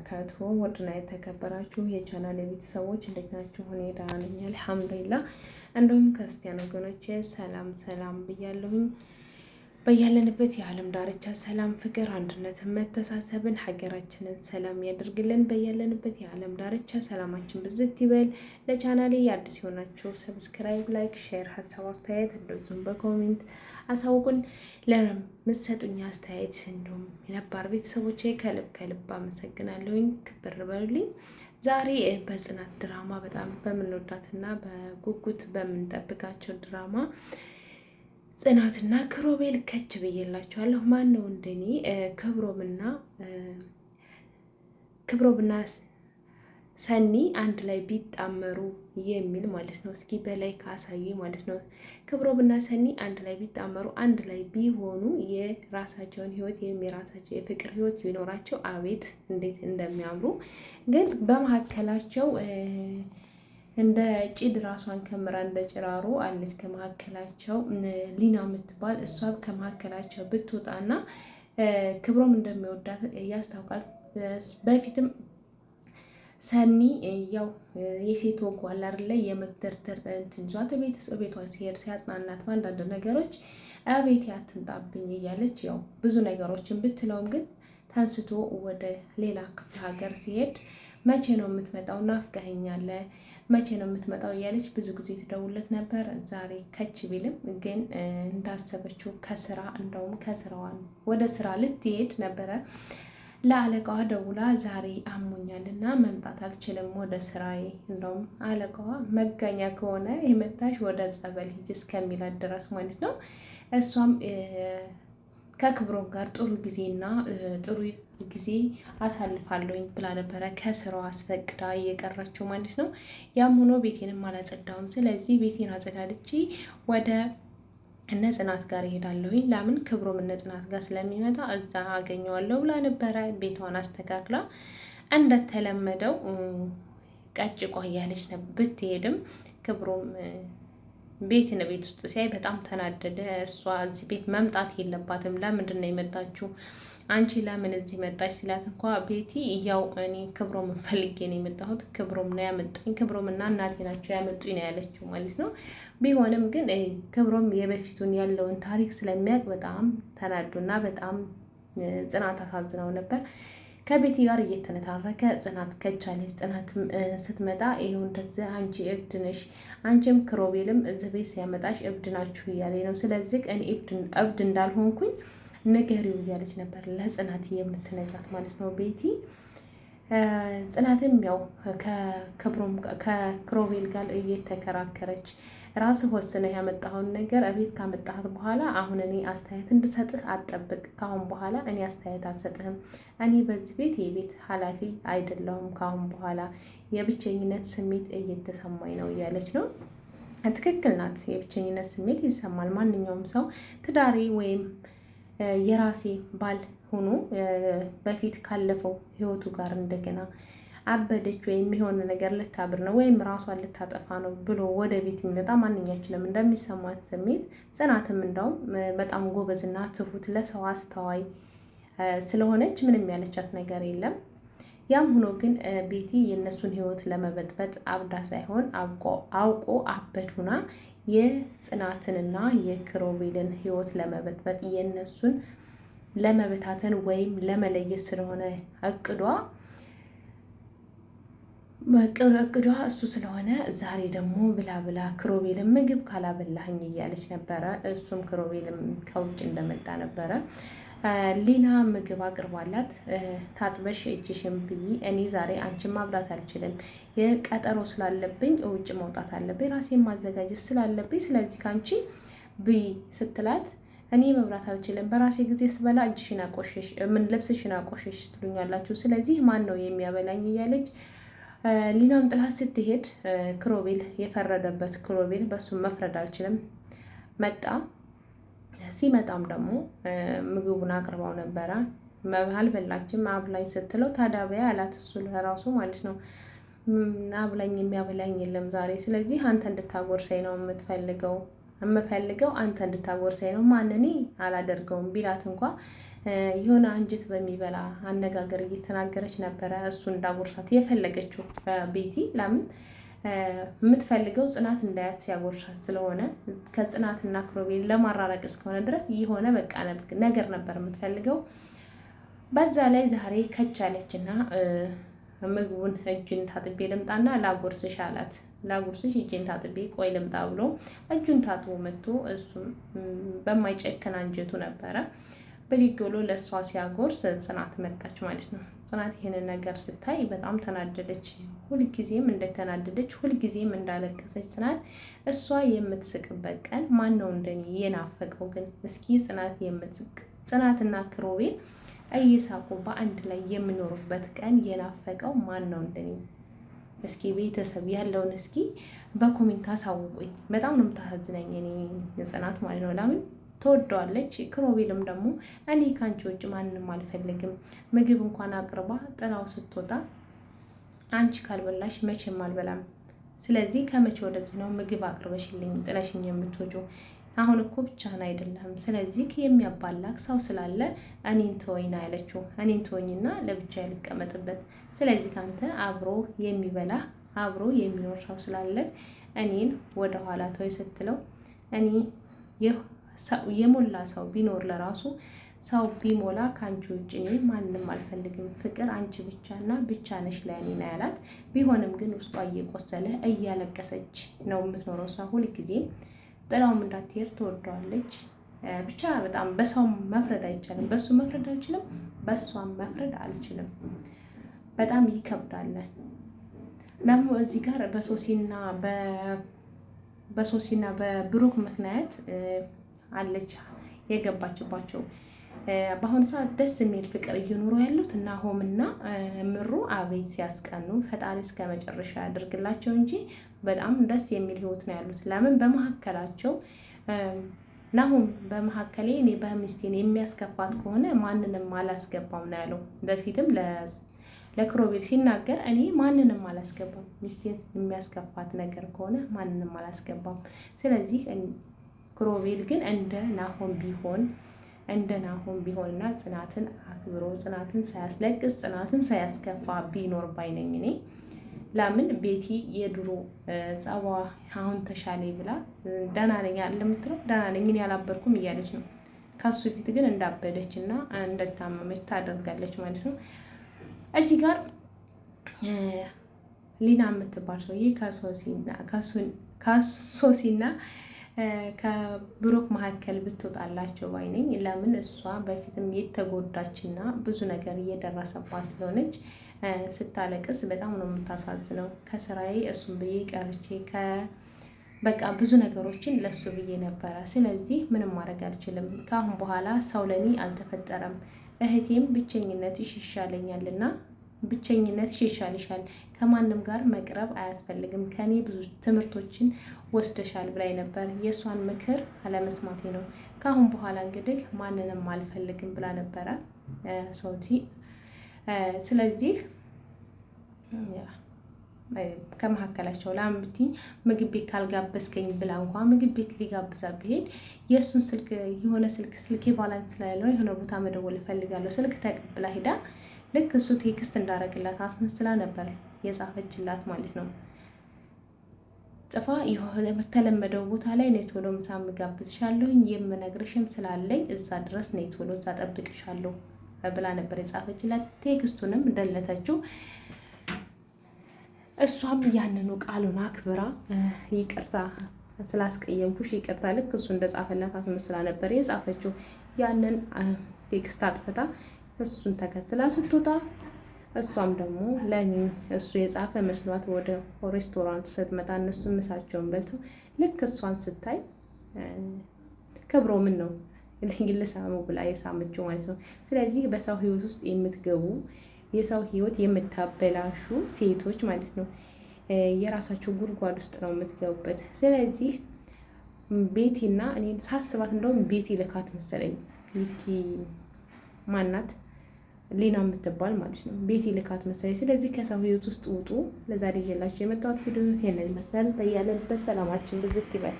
ወበረካቱ ውድና የተከበራችሁ የቻናል የቤተሰቦች እንዴት ናችሁ? እኔ ደህና ነኝ አልሐምዱሊላህ። እንዲሁም ክርስቲያን ወገኖቼ ሰላም ሰላም ብያለሁኝ። በያለንበት የዓለም ዳርቻ ሰላም፣ ፍቅር፣ አንድነት፣ መተሳሰብን ሀገራችንን ሰላም ያደርግልን። በያለንበት የዓለም ዳርቻ ሰላማችን ብዝት ይበል። ለቻናሌ የአዲስ የሆናችሁ ሰብስክራይብ፣ ላይክ፣ ሼር፣ ሀሳብ አስተያየት እንደዚሁም በኮሜንት አሳውቁን። ለምትሰጡኝ አስተያየት እንዲሁም የነባር ቤተሰቦቼ ከልብ ከልብ አመሰግናለሁኝ። ክብር በሉልኝ። ዛሬ በጽናት ድራማ በጣም በምንወዳትና በጉጉት በምንጠብቃቸው ድራማ ጽናትና ክሮቤል ከች ብዬላችኋለሁ። ማን ነው እንደኔ ክብሮምና ክብሮምና ሰኒ አንድ ላይ ቢጣመሩ የሚል ማለት ነው። እስኪ በላይ ካሳዩ ማለት ነው። ክብሮምና ሰኒ አንድ ላይ ቢጣመሩ አንድ ላይ ቢሆኑ የራሳቸውን ህይወት ወይም የራሳቸው የፍቅር ህይወት ቢኖራቸው አቤት እንዴት እንደሚያምሩ ግን በመካከላቸው እንደ ጭድ ራሷን ከምራ እንደ ጭራሮ አለች ከመካከላቸው ሊና የምትባል እሷ ከመካከላቸው ብትወጣና ክብሮም እንደሚወዳት ያስታውቃል። በፊትም ሰኒ ያው የሴት ወጉ አለ አይደለ የመደርደር እንትን ይዟት ቤቷ ሲሄድ ሲያጽናናት በአንዳንድ ነገሮች አቤት ያትንጣብኝ እያለች ያው ብዙ ነገሮችን ብትለውም ግን ተንስቶ ወደ ሌላ ክፍለ ሀገር ሲሄድ መቼ ነው የምትመጣው? ናፍቀኸኛል፣ መቼ ነው የምትመጣው? እያለች ብዙ ጊዜ ትደውለት ነበር። ዛሬ ከች ቢልም ግን እንዳሰበችው ከስራ እንደውም ከስራዋ ወደ ስራ ልትሄድ ነበረ ለአለቃዋ ደውላ ዛሬ አሞኛል እና መምጣት አልችልም ወደ ስራዬ፣ እንደውም አለቃዋ መገኛ ከሆነ የመታሽ ወደ ጸበል ሂጅ እስከሚላት ድረስ ማለት ነው። እሷም ከክብሮም ጋር ጥሩ ጊዜና ጥሩ ጊዜ አሳልፋለሁኝ ብላ ነበረ ከስራው አስፈቅዳ እየቀረችው ማለት ነው። ያም ሆኖ ቤቴንም አላጸዳውም። ስለዚህ ቤቴን አጸዳድቼ ወደ እነ ጽናት ጋር እሄዳለሁኝ። ለምን ክብሮም እነ ጽናት ጋር ስለሚመጣ እዛ አገኘዋለሁ ብላ ነበረ። ቤቷን አስተካክላ እንደተለመደው ቀጭቋ እያለች ብትሄድም ክብሮም ቤትን ቤት ውስጥ ሲያይ በጣም ተናደደ። እሷ እዚህ ቤት መምጣት የለባትም ለምንድን ነው የመጣችው አንቺ ለምን እዚህ መጣሽ ሲላት እንኳ ቤቲ ያው እኔ ክብሮም ፈልጌ ነው የመጣሁት፣ ክብሮም ነው ያመጣኝ፣ ክብሮም እና እናቴ ናቸው ያመጡኝ ነው ያለችው ማለት ነው። ቢሆንም ግን ክብሮም የበፊቱን ያለውን ታሪክ ስለሚያውቅ በጣም ተናዱና በጣም ጽናት አሳዝነው ነበር። ከቤቲ ጋር እየተነታረከ ጽናት ከቻለች ጽናት ስትመጣ ይኸው እንደዚህ አንቺ እብድ ነሽ፣ አንቺም ክሮቤልም እዚህ ቤት ሲያመጣሽ እብድ ናችሁ እያለ ነው። ስለዚህ እኔ እብድ እንዳልሆንኩኝ ንገሪው እያለች ነበር ለጽናት የምትነግራት ማለት ነው ቤቲ። ጽናትም ያው ከክሮቤል ጋር እየተከራከረች ራስ ወስነ ያመጣኸውን ነገር እቤት ካመጣት በኋላ አሁን እኔ አስተያየት እንድሰጥህ አጠብቅ። ካሁን በኋላ እኔ አስተያየት አልሰጥህም። እኔ በዚህ ቤት የቤት ኃላፊ አይደለሁም። ካሁን በኋላ የብቸኝነት ስሜት እየተሰማኝ ነው እያለች ነው። ትክክል ናት። የብቸኝነት ስሜት ይሰማል። ማንኛውም ሰው ትዳሬ ወይም የራሴ ባል ሆኖ በፊት ካለፈው ህይወቱ ጋር እንደገና አበደች ወይም የሆነ ነገር ልታብር ነው ወይም ራሷን ልታጠፋ ነው ብሎ ወደ ቤት የሚመጣ ማንኛችንም እንደሚሰማት ስሜት ጽናትም እንዳውም በጣም ጎበዝና ትሁት ለሰው አስተዋይ ስለሆነች ምንም ያለቻት ነገር የለም። ያም ሆኖ ግን ቤቲ የእነሱን ህይወት ለመበጥበጥ አብዳ ሳይሆን አውቆ አበድ ሁና የጽናትንና የክሮቤልን ህይወት ለመበጥበጥ የእነሱን ለመበታተን ወይም ለመለየት ስለሆነ እቅዷ እቅዷ እሱ ስለሆነ ዛሬ ደግሞ ብላ ብላ ክሮቤልን ምግብ ካላበላህኝ እያለች ነበረ። እሱም ክሮቤልም ከውጭ እንደመጣ ነበረ ሊና ምግብ አቅርባላት ታጥበሽ እጅሽን ብይ፣ እኔ ዛሬ አንቺን ማብላት አልችልም፣ የቀጠሮ ስላለብኝ ውጭ መውጣት አለብኝ፣ ራሴን ማዘጋጀት ስላለብኝ፣ ስለዚህ ከአንቺ ብይ ስትላት እኔ መብላት አልችልም፣ በራሴ ጊዜ ስበላ እጅሽን አቆሸሽ፣ ምን ልብስሽን አቆሸሽ ትሉኛላችሁ፣ ስለዚህ ማን ነው የሚያበላኝ እያለች ሊናም ጥላት ስትሄድ ክሮቤል የፈረደበት ክሮቤል በሱም መፍረድ አልችልም መጣ። ሲመጣም ደግሞ ምግቡን አቅርባው ነበረ። መብሃል በላችም አብላኝ ስትለው ታዳቢያ አላት። እሱ ለራሱ ማለት ነው አብላኝ የሚያበላኝ የለም ዛሬ። ስለዚህ አንተ እንድታጎርሰኝ ነው የምትፈልገው የምፈልገው አንተ እንድታጎርሰኝ ነው፣ ማንኔ አላደርገውም ቢላት እንኳ የሆነ አንጅት በሚበላ አነጋገር እየተናገረች ነበረ እሱ እንዳጎርሳት የፈለገችው ቤቲ። ለምን የምትፈልገው ጽናት እንዳያት ሲያጎርሻት ስለሆነ ከጽናትና ክሮቤል ለማራረቅ እስከሆነ ድረስ የሆነ በቃ ነገር ነበር የምትፈልገው። በዛ ላይ ዛሬ ከቻለች እና ምግቡን እጅን ታጥቤ ልምጣና ላጎርስሽ አላት። ላጉርስሽ እጅን ታጥቤ ቆይ ልምጣ ብሎ እጁን ታጥቦ መጥቶ እሱም በማይጨክን አንጀቱ ነበረ ብድግ ብሎ ለእሷ ሲያጎርስ ጽናት መጣች ማለት ነው። ጽናት ይህንን ነገር ስታይ በጣም ተናደደች። ሁልጊዜም እንደተናደደች ሁልጊዜም እንዳለቀሰች ጽናት እሷ የምትስቅበት ቀን ማን ነው እንደኔ የናፈቀው? ግን እስኪ ጽናት የምትስቅ ጽናትና ክሮቤል እየሳቁ በአንድ ላይ የምኖርበት ቀን የናፈቀው ማን ነው እንደኔ? እስኪ ቤተሰብ ያለውን እስኪ በኮሜንት አሳውቁኝ። በጣም ነው የምታሳዝነኝ እኔ ጽናት ማለት ነው ለምን ትወደዋለች። ክሮቤልም ደግሞ እኔ ከአንቺ ውጭ ማንም አልፈልግም፣ ምግብ እንኳን አቅርባ ጥላው ስትወጣ አንቺ ካልበላሽ መቼም አልበላም። ስለዚህ ከመቼ ወደዚህ ነው ምግብ አቅርበሽልኝ ጥለሽኝ የምትወጪው? አሁን እኮ ብቻህን አይደለም። ስለዚህ የሚያባላክ ሰው ስላለ እኔን ተወኝ ያለችው፣ እኔን ተወኝና ለብቻ ልቀመጥበት። ስለዚህ ካንተ አብሮ የሚበላ አብሮ የሚኖር ሰው ስላለ እኔን ወደኋላ ተወይ ስትለው እኔ ሰው የሞላ ሰው ቢኖር ለራሱ ሰው ቢሞላ ከአንቺ ውጭ እኔ ማንም አልፈልግም፣ ፍቅር አንቺ ብቻ ብቻና ብቻ ነሽ ለእኔ ና ያላት። ቢሆንም ግን ውስጧ እየቆሰለ እያለቀሰች ነው የምትኖረው። እሷ ሁልጊዜ ጥላውም እንዳትሄድ ትወደዋለች። ብቻ በጣም በሰው መፍረድ አይቻልም። በሱ መፍረድ አልችልም፣ በእሷም መፍረድ አልችልም። በጣም ይከብዳል። ደግሞ እዚህ ጋር በሶሲና በሶሲና በብሩክ ምክንያት አለች የገባችባቸው። በአሁኑ ሰዓት ደስ የሚል ፍቅር እየኖሩ ያሉት ሆምና ምሩ አቤት ሲያስቀኑ፣ ፈጣሪ እስከ መጨረሻ ያደርግላቸው እንጂ በጣም ደስ የሚል ህይወት ነው ያሉት። ለምን በመካከላቸው ናሁም በመካከሌ እኔ በሚስቴን የሚያስከፋት ከሆነ ማንንም አላስገባም ነው ያለው። በፊትም ለክሮቤል ሲናገር እኔ ማንንም አላስገባም፣ ሚስቴን የሚያስከፋት ነገር ከሆነ ማንንም አላስገባም። ስለዚህ ክሮቤል ግን እንደ ናሆም ቢሆን እንደ ናሆም ቢሆንና ጽናትን አክብሮ ጽናትን ሳያስለቅስ ጽናትን ሳያስከፋ ቢኖር ባይነኝ እኔ ላምን ቤቲ የድሮ ጸባ አሁን ተሻለ ብላ ደህና ነኝ ለምትለው ደህና ነኝ እኔ አላበርኩም እያለች ነው። ከሱ ፊት ግን እንዳበደች እና እንደታመመች ታደርጋለች ማለት ነው። እዚህ ጋር ሊና የምትባል ሰውዬ ከሶሲና ከብሩክ መካከል ብትወጣላቸው ባይነኝ። ለምን እሷ በፊትም የተጎዳችና ብዙ ነገር እየደረሰባት ስለሆነች ስታለቅስ በጣም ነው የምታሳዝነው። ከስራዬ እሱን ብዬ ቀርቼ በቃ ብዙ ነገሮችን ለሱ ብዬ ነበረ። ስለዚህ ምንም ማድረግ አልችልም። ከአሁን በኋላ ሰው ለኔ አልተፈጠረም። እህቴም ብቸኝነት ይሻለኛልና ብቸኝነት ይሻልሻል፣ ከማንም ጋር መቅረብ አያስፈልግም፣ ከኔ ብዙ ትምህርቶችን ወስደሻል ብላይ ነበር። የእሷን ምክር አለመስማቴ ነው። ከአሁን በኋላ እንግዲህ ማንንም አልፈልግም ብላ ነበረ ሶቲ። ስለዚህ ከመካከላቸው ለአምቲ ምግብ ቤት ካልጋበዝከኝ ብላ እንኳ ምግብ ቤት ሊጋብዛ ብሄድ የእሱን ስልክ የሆነ ስልክ ስልኬ ባላንስ ስላለው የሆነ ቦታ መደወል እፈልጋለሁ ስልክ ተቀብላ ሂዳ ልክ እሱ ቴክስት እንዳረግላት አስመስላ ነበር የጻፈችላት ማለት ነው። ጽፋ የተለመደው ቦታ ላይ ነይ ቶሎ ምሳ ምጋብዝሻለሁኝ የምነግርሽም ስላለኝ እዛ ድረስ ነይ ቶሎ እዛ ጠብቅሻለሁ ብላ ነበር የጻፈችላት። ቴክስቱንም ደለተችው። እሷም ያንኑ ቃሉን አክብራ ይቅርታ ስላስቀየምኩሽ ይቅርታ፣ ልክ እሱ እንደጻፈላት አስመስላ ነበር የጻፈችው። ያንን ቴክስት አጥፍታ እሱን ተከትላ ስትወጣ እሷም ደግሞ ለኔ እሱ የጻፈ መስሏት ወደ ሬስቶራንቱ ስትመጣ እነሱ ምሳቸውን በልተው ልክ እሷን ስታይ ክብሮ ምን ነው ልሳሙ ብላ የሳመችው ማለት ነው። ስለዚህ በሰው ህይወት ውስጥ የምትገቡ የሰው ህይወት የምታበላሹ ሴቶች ማለት ነው የራሳቸው ጉድጓድ ውስጥ ነው የምትገቡበት። ስለዚህ ቤቲና እኔ ሳስባት እንደውም ቤቲ ልካት መሰለኝ ይቺ ማናት ሊና የምትባል ማለት ነው ቤት ይልካት መሰለኝ። ስለዚህ ከሰው ህይወት ውስጥ ውጡ። ለዛሬ ይዤላችሁ የመጣሁት ቪዲዮ ይሄንን ይመስላል። በያለንበት ሰላማችን ብዝት ይበል።